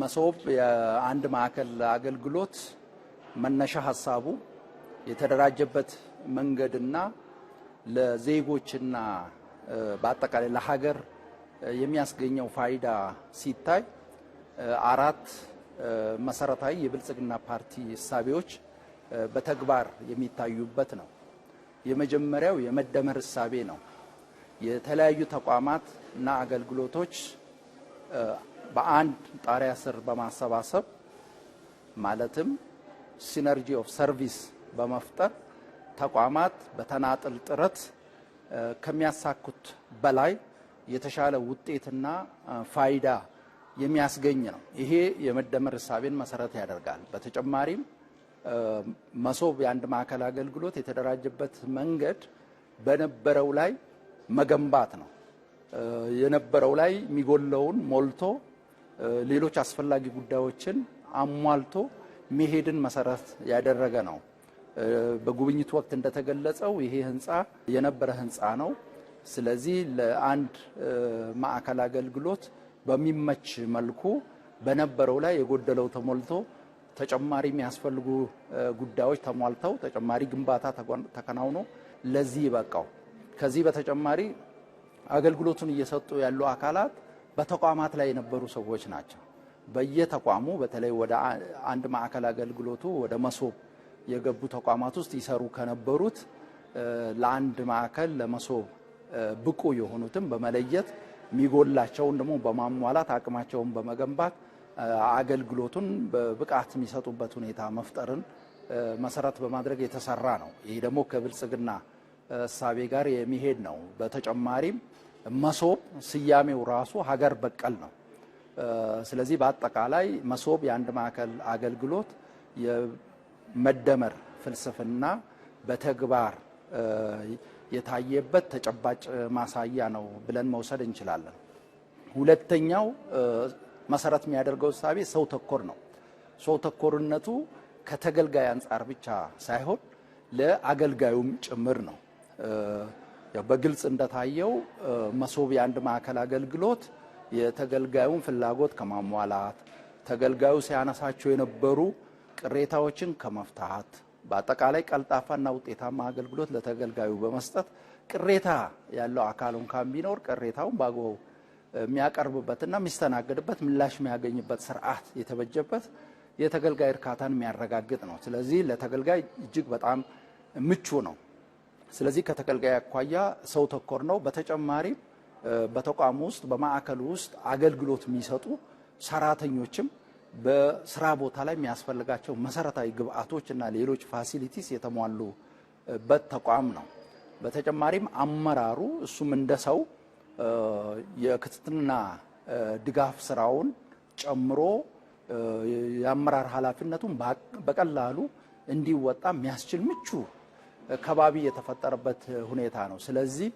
መሶብ የአንድ ማዕከል አገልግሎት መነሻ ሀሳቡ የተደራጀበት መንገድና ለዜጎችና በአጠቃላይ ለሀገር የሚያስገኘው ፋይዳ ሲታይ አራት መሰረታዊ የብልጽግና ፓርቲ እሳቤዎች በተግባር የሚታዩበት ነው። የመጀመሪያው የመደመር እሳቤ ነው። የተለያዩ ተቋማት እና አገልግሎቶች በአንድ ጣሪያ ስር በማሰባሰብ ማለትም ሲነርጂ ኦፍ ሰርቪስ በመፍጠር ተቋማት በተናጥል ጥረት ከሚያሳኩት በላይ የተሻለ ውጤትና ፋይዳ የሚያስገኝ ነው። ይሄ የመደመር እሳቤን መሰረት ያደርጋል። በተጨማሪም መሶብ የአንድ ማዕከል አገልግሎት የተደራጀበት መንገድ በነበረው ላይ መገንባት ነው። የነበረው ላይ የሚጎለውን ሞልቶ ሌሎች አስፈላጊ ጉዳዮችን አሟልቶ መሄድን መሰረት ያደረገ ነው። በጉብኝት ወቅት እንደተገለጸው ይሄ ህንፃ የነበረ ህንፃ ነው። ስለዚህ ለአንድ ማዕከል አገልግሎት በሚመች መልኩ በነበረው ላይ የጎደለው ተሞልቶ ተጨማሪ የሚያስፈልጉ ጉዳዮች ተሟልተው ተጨማሪ ግንባታ ተከናውኖ ለዚህ ይበቃው። ከዚህ በተጨማሪ አገልግሎቱን እየሰጡ ያሉ አካላት በተቋማት ላይ የነበሩ ሰዎች ናቸው። በየተቋሙ በተለይ ወደ አንድ ማዕከል አገልግሎቱ ወደ መሶብ የገቡ ተቋማት ውስጥ ይሰሩ ከነበሩት ለአንድ ማዕከል ለመሶብ ብቁ የሆኑትን በመለየት የሚጎላቸውን ደግሞ በማሟላት አቅማቸውን በመገንባት አገልግሎቱን በብቃት የሚሰጡበት ሁኔታ መፍጠርን መሰረት በማድረግ የተሰራ ነው። ይህ ደግሞ ከብልጽግና እሳቤ ጋር የሚሄድ ነው። በተጨማሪም መሶብ ስያሜው ራሱ ሀገር በቀል ነው። ስለዚህ በአጠቃላይ መሶብ የአንድ ማዕከል አገልግሎት የመደመር ፍልስፍና በተግባር የታየበት ተጨባጭ ማሳያ ነው ብለን መውሰድ እንችላለን። ሁለተኛው መሰረት የሚያደርገው እሳቤ ሰው ተኮር ነው። ሰው ተኮርነቱ ከተገልጋይ አንጻር ብቻ ሳይሆን ለአገልጋዩም ጭምር ነው። በግልጽ እንደታየው መሶብ የአንድ ማዕከል አገልግሎት የተገልጋዩን ፍላጎት ከማሟላት ተገልጋዩ ሲያነሳቸው የነበሩ ቅሬታዎችን ከመፍታት በአጠቃላይ ቀልጣፋና ውጤታማ አገልግሎት ለተገልጋዩ በመስጠት ቅሬታ ያለው አካል እንኳን ቢኖር ቅሬታውን በአግባቡ የሚያቀርብበትና የሚስተናገድበት ምላሽ የሚያገኝበት ስርዓት የተበጀበት የተገልጋይ እርካታን የሚያረጋግጥ ነው። ስለዚህ ለተገልጋይ እጅግ በጣም ምቹ ነው። ስለዚህ ከተገልጋይ አኳያ ሰው ተኮር ነው። በተጨማሪም በተቋም ውስጥ በማዕከሉ ውስጥ አገልግሎት የሚሰጡ ሰራተኞችም በስራ ቦታ ላይ የሚያስፈልጋቸው መሰረታዊ ግብአቶች እና ሌሎች ፋሲሊቲስ የተሟሉበት ተቋም ነው። በተጨማሪም አመራሩ እሱም እንደ ሰው የክትትልና ድጋፍ ስራውን ጨምሮ የአመራር ኃላፊነቱን በቀላሉ እንዲወጣ የሚያስችል ምቹ ከባቢ የተፈጠረበት ሁኔታ ነው። ስለዚህ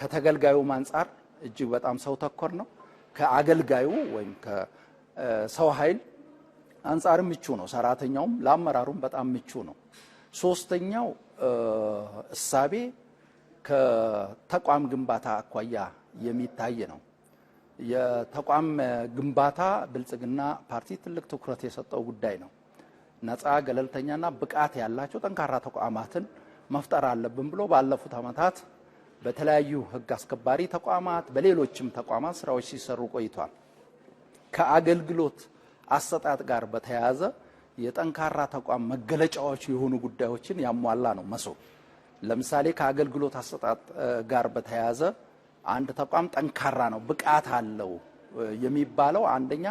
ከተገልጋዩም አንጻር እጅግ በጣም ሰው ተኮር ነው። ከአገልጋዩ ወይም ከሰው ኃይል አንጻርም ምቹ ነው። ሰራተኛውም ለአመራሩም በጣም ምቹ ነው። ሶስተኛው እሳቤ ከተቋም ግንባታ አኳያ የሚታይ ነው። የተቋም ግንባታ ብልጽግና ፓርቲ ትልቅ ትኩረት የሰጠው ጉዳይ ነው። ነፃ ገለልተኛና ብቃት ያላቸው ጠንካራ ተቋማትን መፍጠር አለብን ብሎ ባለፉት ዓመታት በተለያዩ ህግ አስከባሪ ተቋማት በሌሎችም ተቋማት ስራዎች ሲሰሩ ቆይቷል። ከአገልግሎት አሰጣጥ ጋር በተያያዘ የጠንካራ ተቋም መገለጫዎች የሆኑ ጉዳዮችን ያሟላ ነው መሶብ። ለምሳሌ ከአገልግሎት አሰጣጥ ጋር በተያያዘ አንድ ተቋም ጠንካራ ነው፣ ብቃት አለው የሚባለው አንደኛ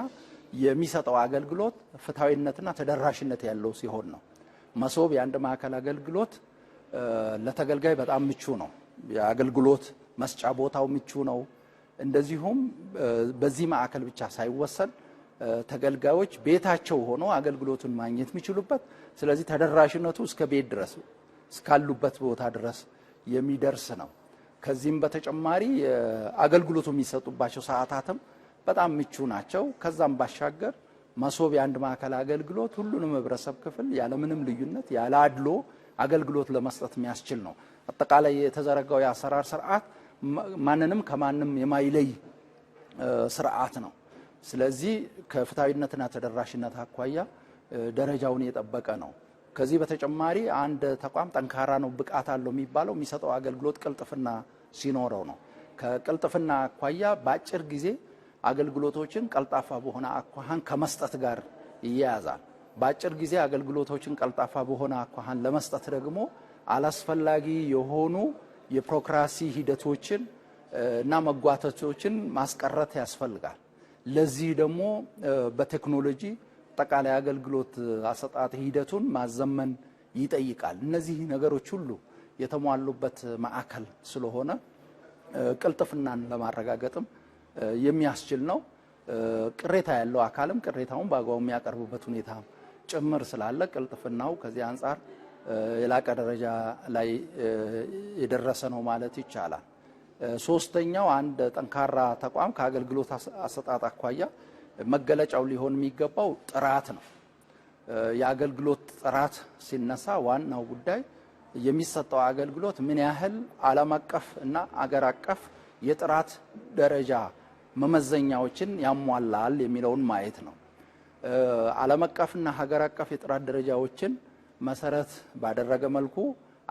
የሚሰጠው አገልግሎት ፍትሐዊነትና ተደራሽነት ያለው ሲሆን ነው። መሶብ የአንድ ማዕከል አገልግሎት ለተገልጋይ በጣም ምቹ ነው። የአገልግሎት መስጫ ቦታው ምቹ ነው። እንደዚሁም በዚህ ማዕከል ብቻ ሳይወሰን ተገልጋዮች ቤታቸው ሆነው አገልግሎቱን ማግኘት የሚችሉበት ስለዚህ ተደራሽነቱ እስከ ቤት ድረስ እስካሉበት ቦታ ድረስ የሚደርስ ነው። ከዚህም በተጨማሪ አገልግሎቱ የሚሰጡባቸው ሰዓታትም በጣም ምቹ ናቸው። ከዛም ባሻገር መሶብ የአንድ ማዕከል አገልግሎት ሁሉንም ህብረተሰብ ክፍል ያለምንም ልዩነት ያለ አድሎ አገልግሎት ለመስጠት የሚያስችል ነው። አጠቃላይ የተዘረጋው የአሰራር ስርዓት ማንንም ከማንም የማይለይ ስርዓት ነው። ስለዚህ ከፍትሐዊነትና ተደራሽነት አኳያ ደረጃውን የጠበቀ ነው። ከዚህ በተጨማሪ አንድ ተቋም ጠንካራ ነው፣ ብቃት አለው የሚባለው የሚሰጠው አገልግሎት ቅልጥፍና ሲኖረው ነው። ከቅልጥፍና አኳያ በአጭር ጊዜ አገልግሎቶችን ቀልጣፋ በሆነ አኳኋን ከመስጠት ጋር ይያያዛል። በአጭር ጊዜ አገልግሎቶችን ቀልጣፋ በሆነ አኳኋን ለመስጠት ደግሞ አላስፈላጊ የሆኑ የፕሮክራሲ ሂደቶችን እና መጓተቶችን ማስቀረት ያስፈልጋል። ለዚህ ደግሞ በቴክኖሎጂ አጠቃላይ አገልግሎት አሰጣጥ ሂደቱን ማዘመን ይጠይቃል። እነዚህ ነገሮች ሁሉ የተሟሉበት ማዕከል ስለሆነ ቅልጥፍናን ለማረጋገጥም የሚያስችል ነው። ቅሬታ ያለው አካልም ቅሬታውን በአግባቡ የሚያቀርብበት ሁኔታ ጭምር ስላለ ቅልጥፍናው ከዚህ አንጻር የላቀ ደረጃ ላይ የደረሰ ነው ማለት ይቻላል። ሶስተኛው አንድ ጠንካራ ተቋም ከአገልግሎት አሰጣጥ አኳያ መገለጫው ሊሆን የሚገባው ጥራት ነው። የአገልግሎት ጥራት ሲነሳ ዋናው ጉዳይ የሚሰጠው አገልግሎት ምን ያህል ዓለም አቀፍ እና አገር አቀፍ የጥራት ደረጃ መመዘኛዎችን ያሟላል የሚለውን ማየት ነው። ዓለም አቀፍና ሀገር አቀፍ የጥራት ደረጃዎችን መሰረት ባደረገ መልኩ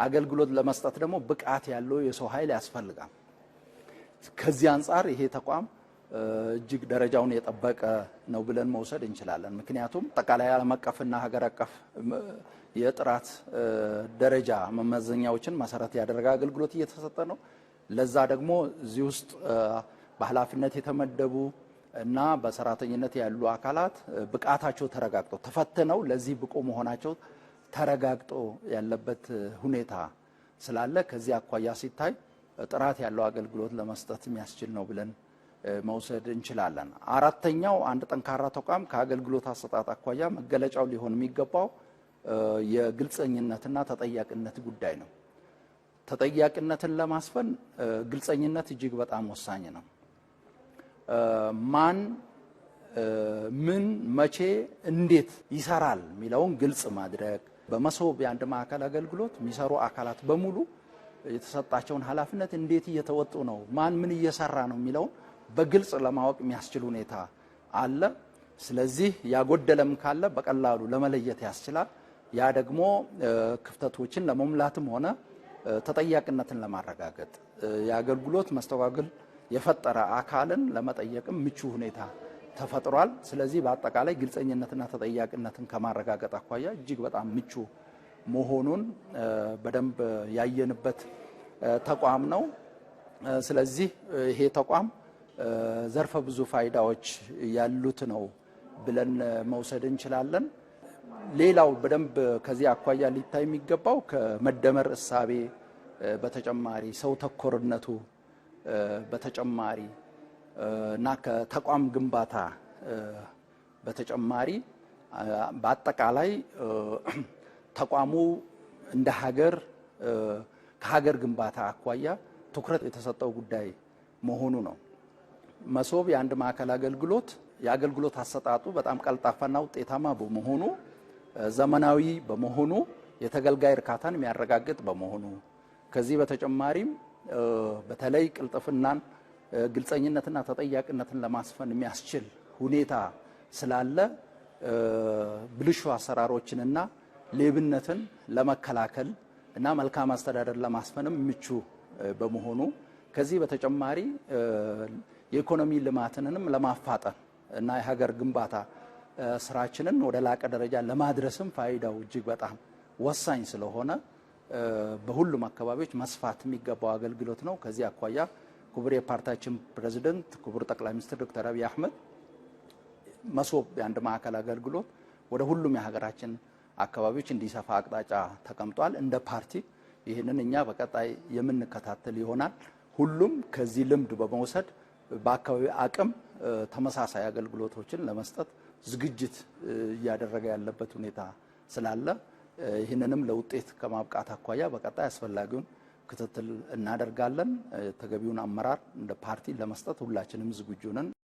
አገልግሎት ለመስጠት ደግሞ ብቃት ያለው የሰው ኃይል ያስፈልጋል። ከዚህ አንጻር ይሄ ተቋም እጅግ ደረጃውን የጠበቀ ነው ብለን መውሰድ እንችላለን። ምክንያቱም አጠቃላይ ዓለም አቀፍና ሀገር አቀፍ የጥራት ደረጃ መመዘኛዎችን መሰረት ያደረገ አገልግሎት እየተሰጠ ነው። ለዛ ደግሞ እዚህ ውስጥ በኃላፊነት የተመደቡ እና በሰራተኝነት ያሉ አካላት ብቃታቸው ተረጋግጦ ተፈትነው ለዚህ ብቁ መሆናቸው ተረጋግጦ ያለበት ሁኔታ ስላለ ከዚህ አኳያ ሲታይ ጥራት ያለው አገልግሎት ለመስጠት የሚያስችል ነው ብለን መውሰድ እንችላለን። አራተኛው አንድ ጠንካራ ተቋም ከአገልግሎት አሰጣጥ አኳያ መገለጫው ሊሆን የሚገባው የግልጸኝነትና ተጠያቂነት ጉዳይ ነው። ተጠያቂነትን ለማስፈን ግልጸኝነት እጅግ በጣም ወሳኝ ነው። ማን ምን መቼ እንዴት ይሰራል የሚለውን ግልጽ ማድረግ በመሶብ የአንድ ማዕከል አገልግሎት የሚሰሩ አካላት በሙሉ የተሰጣቸውን ኃላፊነት እንዴት እየተወጡ ነው፣ ማን ምን እየሰራ ነው የሚለውን በግልጽ ለማወቅ የሚያስችል ሁኔታ አለ። ስለዚህ ያጎደለም ካለ በቀላሉ ለመለየት ያስችላል። ያ ደግሞ ክፍተቶችን ለመሙላትም ሆነ ተጠያቂነትን ለማረጋገጥ የአገልግሎት መስተጓጎል የፈጠረ አካልን ለመጠየቅም ምቹ ሁኔታ ተፈጥሯል። ስለዚህ በአጠቃላይ ግልጸኝነትና ተጠያቂነትን ከማረጋገጥ አኳያ እጅግ በጣም ምቹ መሆኑን በደንብ ያየንበት ተቋም ነው። ስለዚህ ይሄ ተቋም ዘርፈ ብዙ ፋይዳዎች ያሉት ነው ብለን መውሰድ እንችላለን። ሌላው በደንብ ከዚህ አኳያ ሊታይ የሚገባው ከመደመር እሳቤ በተጨማሪ ሰው ተኮርነቱ በተጨማሪ እና ከተቋም ግንባታ በተጨማሪ በአጠቃላይ ተቋሙ እንደ ሀገር ከሀገር ግንባታ አኳያ ትኩረት የተሰጠው ጉዳይ መሆኑ ነው። መሶብ የአንድ ማዕከል አገልግሎት የአገልግሎት አሰጣጡ በጣም ቀልጣፋና ውጤታማ በመሆኑ ዘመናዊ በመሆኑ የተገልጋይ እርካታን የሚያረጋግጥ በመሆኑ ከዚህ በተጨማሪም በተለይ ቅልጥፍናን፣ ግልጸኝነትና ተጠያቂነትን ለማስፈን የሚያስችል ሁኔታ ስላለ ብልሹ አሰራሮችንና ሌብነትን ለመከላከል እና መልካም አስተዳደር ለማስፈንም ምቹ በመሆኑ ከዚህ በተጨማሪ የኢኮኖሚ ልማትንም ለማፋጠን እና የሀገር ግንባታ ስራችንን ወደ ላቀ ደረጃ ለማድረስም ፋይዳው እጅግ በጣም ወሳኝ ስለሆነ በሁሉም አካባቢዎች መስፋት የሚገባው አገልግሎት ነው። ከዚህ አኳያ ክቡር የፓርቲያችን ፕሬዚደንት ክቡር ጠቅላይ ሚኒስትር ዶክተር አብይ አህመድ መሶብ የአንድ ማዕከል አገልግሎት ወደ ሁሉም የሀገራችን አካባቢዎች እንዲሰፋ አቅጣጫ ተቀምጧል። እንደ ፓርቲ ይህንን እኛ በቀጣይ የምንከታተል ይሆናል። ሁሉም ከዚህ ልምድ በመውሰድ በአካባቢ አቅም ተመሳሳይ አገልግሎቶችን ለመስጠት ዝግጅት እያደረገ ያለበት ሁኔታ ስላለ ይህንንም ለውጤት ከማብቃት አኳያ በቀጣይ አስፈላጊውን ክትትል እናደርጋለን። ተገቢውን አመራር እንደ ፓርቲ ለመስጠት ሁላችንም ዝግጁ ነን።